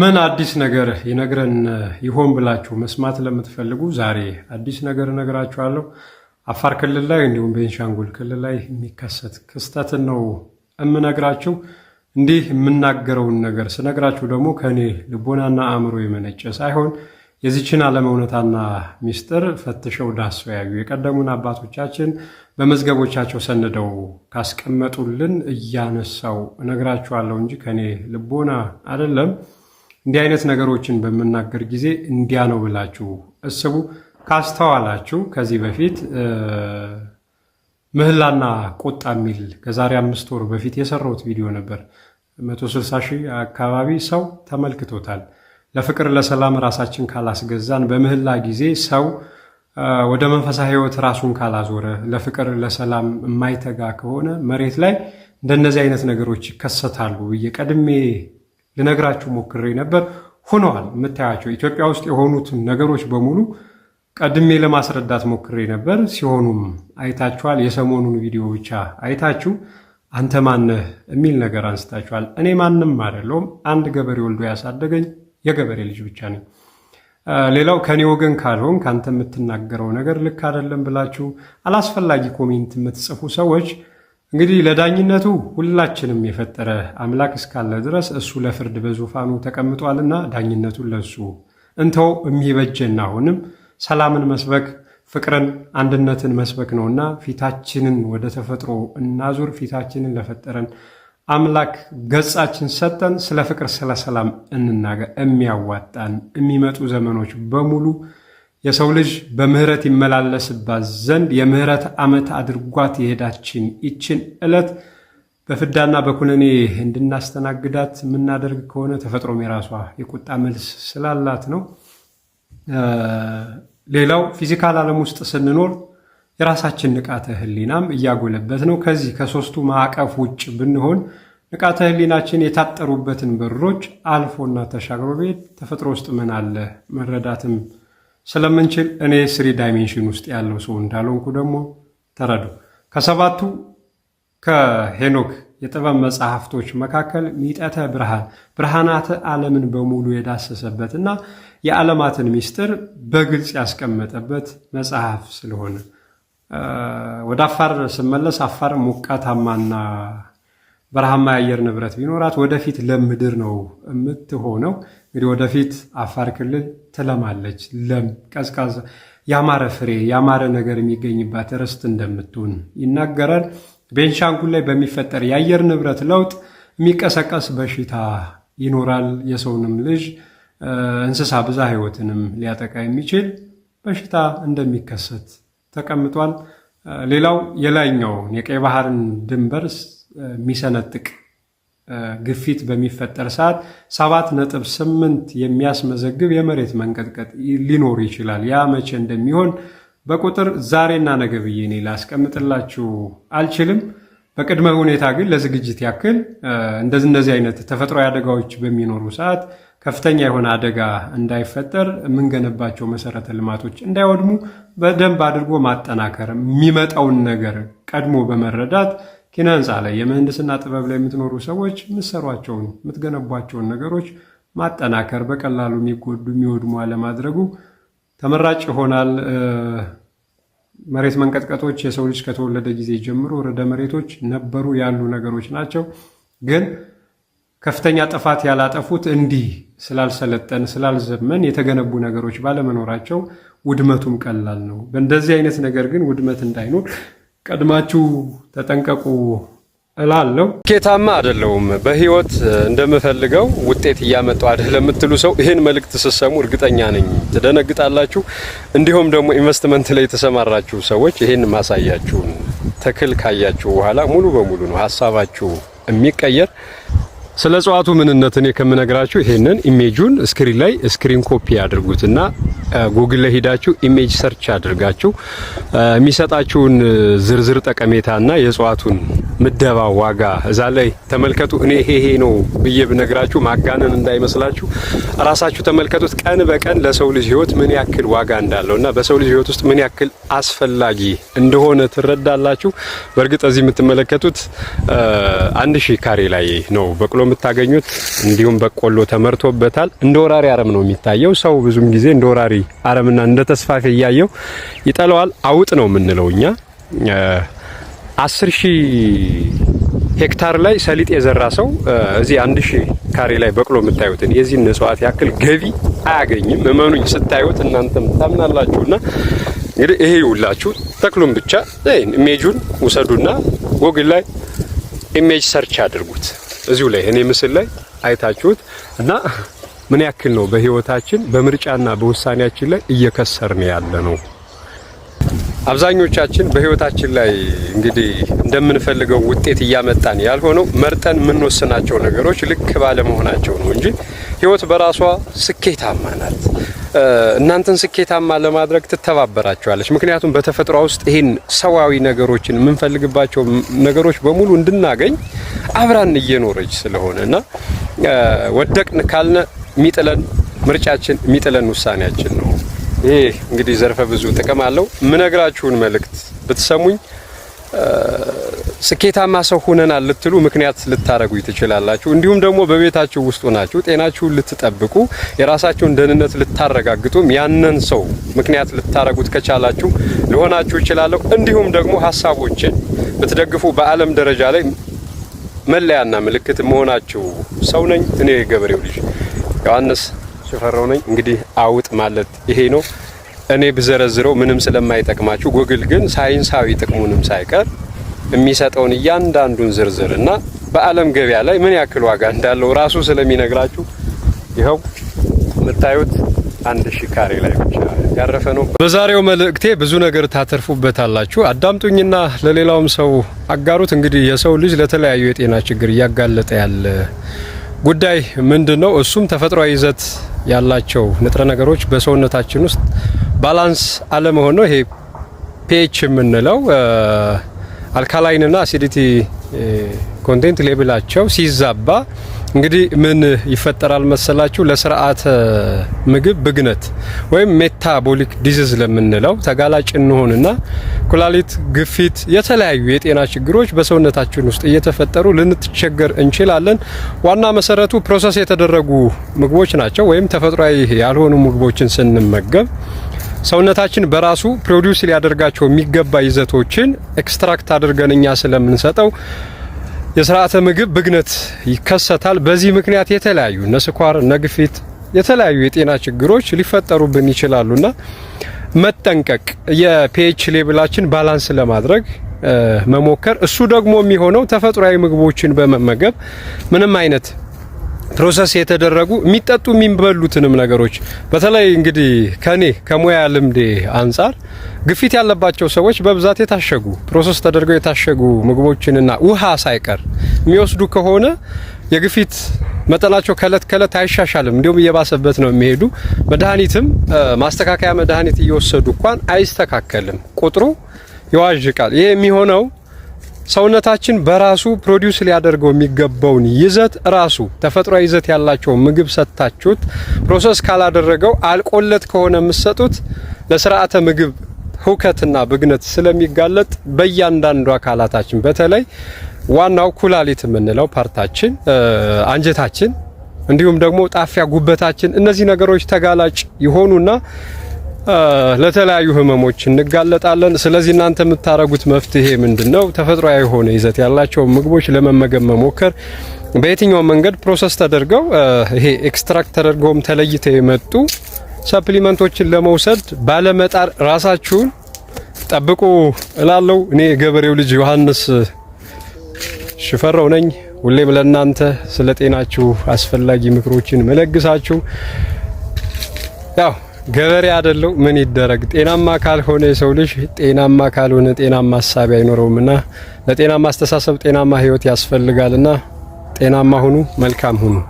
ምን አዲስ ነገር ይነግረን ይሆን ብላችሁ መስማት ለምትፈልጉ ዛሬ አዲስ ነገር እነግራችኋለሁ። አፋር ክልል ላይ እንዲሁም ቤንሻንጉል ክልል ላይ የሚከሰት ክስተትን ነው እምነግራችሁ። እንዲህ የምናገረውን ነገር ስነግራችሁ ደግሞ ከእኔ ልቦናና አእምሮ የመነጨ ሳይሆን የዚችን ዓለም እውነታና ሚስጥር ፈትሸው ዳሰው ያዩ የቀደሙን አባቶቻችን በመዝገቦቻቸው ሰንደው ካስቀመጡልን እያነሳው እነግራችኋለሁ እንጂ ከእኔ ልቦና አይደለም። እንዲህ አይነት ነገሮችን በምናገር ጊዜ እንዲያ ነው ብላችሁ እስቡ። ካስተዋላችሁ ከዚህ በፊት ምህላና ቁጣ የሚል ከዛሬ አምስት ወር በፊት የሰራሁት ቪዲዮ ነበር። 160 ሺህ አካባቢ ሰው ተመልክቶታል። ለፍቅር ለሰላም ራሳችን ካላስገዛን በምህላ ጊዜ ሰው ወደ መንፈሳ ህይወት ራሱን ካላዞረ ለፍቅር ለሰላም የማይተጋ ከሆነ መሬት ላይ እንደነዚህ አይነት ነገሮች ይከሰታሉ ብዬ ቀድሜ ልነግራችሁ ሞክሬ ነበር። ሆነዋል። የምታያቸው ኢትዮጵያ ውስጥ የሆኑትን ነገሮች በሙሉ ቀድሜ ለማስረዳት ሞክሬ ነበር። ሲሆኑም አይታችኋል። የሰሞኑን ቪዲዮ ብቻ አይታችሁ አንተ ማነህ የሚል ነገር አንስታችኋል። እኔ ማንም አይደለሁም። አንድ ገበሬ ወልዶ ያሳደገኝ የገበሬ ልጅ ብቻ ነኝ። ሌላው ከኔ ወገን ካልሆን ከአንተ የምትናገረው ነገር ልክ አይደለም ብላችሁ አላስፈላጊ ኮሜንት የምትጽፉ ሰዎች እንግዲህ ለዳኝነቱ ሁላችንም የፈጠረ አምላክ እስካለ ድረስ እሱ ለፍርድ በዙፋኑ ተቀምጧልና ዳኝነቱን ለሱ እንተው። የሚበጀን አሁንም ሰላምን መስበክ ፍቅርን፣ አንድነትን መስበክ ነውና ፊታችንን ወደ ተፈጥሮ እናዙር። ፊታችንን ለፈጠረን አምላክ ገጻችን ሰጠን። ስለ ፍቅር፣ ስለ ሰላም እንናገር። የሚያዋጣን የሚመጡ ዘመኖች በሙሉ የሰው ልጅ በምህረት ይመላለስባት ዘንድ የምህረት ዓመት አድርጓት የሄዳችን ይችን ዕለት በፍዳና በኩነኔ እንድናስተናግዳት የምናደርግ ከሆነ ተፈጥሮም የራሷ የቁጣ መልስ ስላላት ነው። ሌላው ፊዚካል ዓለም ውስጥ ስንኖር የራሳችን ንቃተ ህሊናም እያጎለበት ነው። ከዚህ ከሶስቱ ማዕቀፍ ውጭ ብንሆን ንቃተ ህሊናችን የታጠሩበትን በሮች አልፎና ተሻግሮ ቤት ተፈጥሮ ውስጥ ምን አለ መረዳትም ስለምንችል እኔ ስሪ ዳይሜንሽን ውስጥ ያለው ሰው እንዳልሆንኩ ደግሞ ተረዱ። ከሰባቱ ከሄኖክ የጥበብ መጽሐፍቶች መካከል ሚጠተ ብርሃን ብርሃናተ ዓለምን በሙሉ የዳሰሰበት እና የዓለማትን ሚስጥር በግልጽ ያስቀመጠበት መጽሐፍ ስለሆነ ወደ አፋር ስመለስ አፋር ሞቃታማና በረሃማ የአየር ንብረት ቢኖራት ወደፊት ለም ምድር ነው የምትሆነው። እንግዲህ ወደፊት አፋር ክልል ትለማለች፣ ለም ቀዝቃዛ፣ ያማረ ፍሬ ያማረ ነገር የሚገኝባት ርስት እንደምትሆን ይናገራል። ቤንሻንጉል ላይ በሚፈጠር የአየር ንብረት ለውጥ የሚቀሰቀስ በሽታ ይኖራል። የሰውንም ልጅ እንስሳ ብዛ ህይወትንም ሊያጠቃ የሚችል በሽታ እንደሚከሰት ተቀምጧል። ሌላው የላይኛውን የቀይ ባህርን ድንበር የሚሰነጥቅ ግፊት በሚፈጠር ሰዓት ሰባት ነጥብ ስምንት የሚያስመዘግብ የመሬት መንቀጥቀጥ ሊኖር ይችላል። ያ መቼ እንደሚሆን በቁጥር ዛሬና ነገ ብዬ እኔ ላስቀምጥላችሁ አልችልም። በቅድመ ሁኔታ ግን ለዝግጅት ያክል እንደዚህ አይነት ተፈጥሯዊ አደጋዎች በሚኖሩ ሰዓት ከፍተኛ የሆነ አደጋ እንዳይፈጠር የምንገነባቸው መሰረተ ልማቶች እንዳይወድሙ በደንብ አድርጎ ማጠናከር የሚመጣውን ነገር ቀድሞ በመረዳት ኪነ ህንፃ ላይ የምህንድስና ጥበብ ላይ የምትኖሩ ሰዎች የምትሰሯቸውን የምትገነቧቸውን ነገሮች ማጠናከር በቀላሉ የሚጎዱ የሚወድሙ አለማድረጉ ተመራጭ ይሆናል። መሬት መንቀጥቀጦች የሰው ልጅ ከተወለደ ጊዜ ጀምሮ ርዕደ መሬቶች ነበሩ ያሉ ነገሮች ናቸው። ግን ከፍተኛ ጥፋት ያላጠፉት እንዲህ ስላልሰለጠን ስላልዘመን የተገነቡ ነገሮች ባለመኖራቸው ውድመቱም ቀላል ነው። በእንደዚህ አይነት ነገር ግን ውድመት እንዳይኖር ቀድማችሁ ተጠንቀቁ እላለሁ። ኬታማ አይደለሁም በህይወት እንደምፈልገው ውጤት እያመጡ አይደል ለምትሉ ሰው ይህን መልእክት ስሰሙ እርግጠኛ ነኝ ትደነግጣላችሁ። እንዲሁም ደግሞ ኢንቨስትመንት ላይ የተሰማራችሁ ሰዎች ይህን ማሳያችሁን ተክል ካያችሁ በኋላ ሙሉ በሙሉ ነው ሀሳባችሁ የሚቀየር። ስለ እጽዋቱ ምንነት እኔ ከምነግራችሁ ይሄንን ኢሜጁን ስክሪን ላይ ስክሪን ኮፒ አድርጉትና ጉግል ላይ ሄዳችሁ ኢሜጅ ሰርች አድርጋችሁ የሚሰጣችሁን ዝርዝር ጠቀሜታና የእጽዋቱን ምደባ ዋጋ እዛ ላይ ተመልከቱ። እኔ ይሄ ይሄ ነው ብዬ ብነግራችሁ ማጋነን እንዳይመስላችሁ ራሳችሁ ተመልከቱት። ቀን በቀን ለሰው ልጅ ህይወት ምን ያክል ዋጋ እንዳለው እና በሰው ልጅ ህይወት ውስጥ ምን ያክል አስፈላጊ እንደሆነ ትረዳላችሁ። በእርግጥ እዚህ የምትመለከቱት አንድ ሺህ ካሬ ላይ ነው በቅሎ የምታገኙት። እንዲሁም በቆሎ ተመርቶበታል። እንደ ወራሪ አረም ነው የሚታየው። ሰው ብዙም ጊዜ እንደ ወራሪ አረምና እንደ ተስፋፊ እያየው ይጠለዋል። አውጥ ነው የምንለው እኛ አስር ሺህ ሄክታር ላይ ሰሊጥ የዘራ ሰው እዚህ አንድ ሺህ ካሬ ላይ በቅሎ የምታዩትን የዚህን እጽዋት ያክል ገቢ አያገኝም። እመኑኝ ስታዩት እናንተም ታምናላችሁና እንግዲህ ይሄ ይውላችሁ ተክሉን ብቻ ኢሜጁን ውሰዱና ጎግል ላይ ኢሜጅ ሰርች አድርጉት። እዚሁ ላይ እኔ ምስል ላይ አይታችሁት እና ምን ያክል ነው በህይወታችን በምርጫና በውሳኔያችን ላይ እየከሰርን ያለ ነው። አብዛኞቻችን በህይወታችን ላይ እንግዲህ እንደምንፈልገው ውጤት እያመጣን ያልሆነው መርጠን የምንወስናቸው ነገሮች ልክ ባለመሆናቸው ነው እንጂ ህይወት በራሷ ስኬታማ ናት። እናንተን ስኬታማ ለማድረግ ትተባበራቸዋለች። ምክንያቱም በተፈጥሯ ውስጥ ይህን ሰዋዊ ነገሮችን የምንፈልግባቸው ነገሮች በሙሉ እንድናገኝ አብራን እየኖረች ስለሆነ እና ወደቅን ካልነ የሚጥለን ምርጫችን የሚጥለን ውሳኔያችን ነው። ይሄ እንግዲህ ዘርፈ ብዙ ጥቅም አለው። ምነግራችሁን መልእክት ብትሰሙኝ ስኬታማ ሰው ሆነናል ልትሉ ምክንያት ልታደርጉ ትችላላችሁ። እንዲሁም ደግሞ በቤታችሁ ውስጥ ሆናችሁ ጤናችሁን ልትጠብቁ የራሳችሁን ደህንነት ልታረጋግጡም ያንን ሰው ምክንያት ልታረጉት ከቻላችሁ ልሆናችሁ ይችላለሁ። እንዲሁም ደግሞ ሀሳቦችን ብትደግፉ በዓለም ደረጃ ላይ መለያና ምልክት መሆናችሁ ሰው ነኝ እኔ የገበሬው ልጅ ዮሐንስ ሽፈራው ነኝ። እንግዲህ አውጥ ማለት ይሄ ነው። እኔ ብዘረዝረው ምንም ስለማይጠቅማችሁ ጎግል ግን ሳይንሳዊ ጥቅሙንም ሳይቀር የሚሰጠውን እያንዳንዱን ዝርዝር እና በዓለም ገበያ ላይ ምን ያክል ዋጋ እንዳለው ራሱ ስለሚነግራችሁ ይኸው የምታዩት አንድ ሺ ካሬ ላይ ብቻ ያረፈ ነው። በዛሬው መልእክቴ ብዙ ነገር ታተርፉበታላችሁ። አዳምጡኝና ለሌላውም ሰው አጋሩት። እንግዲህ የሰው ልጅ ለተለያዩ የጤና ችግር እያጋለጠ ያለ ጉዳይ ምንድን ነው? እሱም ተፈጥሯዊ ይዘት ያላቸው ንጥረ ነገሮች በሰውነታችን ውስጥ ባላንስ አለመሆን ነው። ይሄ ፒኤች የምንለው አልካላይንና አሲዲቲ ኮንቴንት ሌብላቸው ሲዛባ እንግዲህ ምን ይፈጠራል መሰላችሁ? ለስርዓተ ምግብ ብግነት ወይም ሜታቦሊክ ዲዚዝ ለምንለው ተጋላጭ እንሆንና ኩላሊት፣ ግፊት፣ የተለያዩ የጤና ችግሮች በሰውነታችን ውስጥ እየተፈጠሩ ልንትቸገር እንችላለን። ዋና መሰረቱ ፕሮሰስ የተደረጉ ምግቦች ናቸው። ወይም ተፈጥሯዊ ያልሆኑ ምግቦችን ስንመገብ ሰውነታችን በራሱ ፕሮዲውስ ሊያደርጋቸው የሚገባ ይዘቶችን ኤክስትራክት አድርገን እኛ ስለምንሰጠው የስርዓተ ምግብ ብግነት ይከሰታል። በዚህ ምክንያት የተለያዩ እነ ስኳር እነ ግፊት የተለያዩ የጤና ችግሮች ሊፈጠሩብን ይችላሉና መጠንቀቅ፣ የፒኤች ሌብላችን ባላንስ ለማድረግ መሞከር። እሱ ደግሞ የሚሆነው ተፈጥሯዊ ምግቦችን በመመገብ ምንም አይነት ፕሮሰስ የተደረጉ የሚጠጡ የሚበሉትንም ነገሮች በተለይ እንግዲህ ከኔ ከሙያ ልምዴ አንጻር ግፊት ያለባቸው ሰዎች በብዛት የታሸጉ ፕሮሰስ ተደርገው የታሸጉ ምግቦችንና ውሃ ሳይቀር የሚወስዱ ከሆነ የግፊት መጠናቸው ከእለት ከእለት አይሻሻልም፣ እንዲሁም እየባሰበት ነው የሚሄዱ። መድኃኒትም ማስተካከያ መድኃኒት እየወሰዱ እንኳን አይስተካከልም፣ ቁጥሩ ይዋዥቃል። ይሄ የሚሆነው ሰውነታችን በራሱ ፕሮዲውስ ሊያደርገው የሚገባውን ይዘት ራሱ ተፈጥሯዊ ይዘት ያላቸው ምግብ ሰጥታችሁት ፕሮሰስ ካላደረገው አልቆለት ከሆነ የምትሰጡት ለስርዓተ ምግብ ህውከትና ብግነት ስለሚጋለጥ በእያንዳንዱ አካላታችን በተለይ ዋናው ኩላሊት የምንለው ፓርታችን፣ አንጀታችን እንዲሁም ደግሞ ጣፊያ ጉበታችን፣ እነዚህ ነገሮች ተጋላጭ ይሆኑና ለተለያዩ ህመሞች እንጋለጣለን። ስለዚህ እናንተ የምታደርጉት መፍትሄ ምንድን ነው? ተፈጥሯዊ የሆነ ይዘት ያላቸውን ምግቦች ለመመገብ መሞከር በየትኛው መንገድ ፕሮሰስ ተደርገው ይሄ ኤክስትራክት ተደርገውም ተለይተው የመጡ ሰፕሊመንቶችን ለመውሰድ ባለመጣር ራሳችሁን ጠብቁ እላለሁ። እኔ የገበሬው ልጅ ዮሐንስ ሽፈረው ነኝ። ሁሌም ለእናንተ ስለ ጤናችሁ አስፈላጊ ምክሮችን መለግሳችሁ ያው ገበሬ አይደለው ምን ይደረግ? ጤናማ ካልሆነ የሰው ልጅ ጤናማ ካልሆነ ጤናማ ሀሳቢ አይኖረውም እና ለጤናማ አስተሳሰብ ጤናማ ህይወት ያስፈልጋል እና ጤናማ ሁኑ፣ መልካም ሁኑ።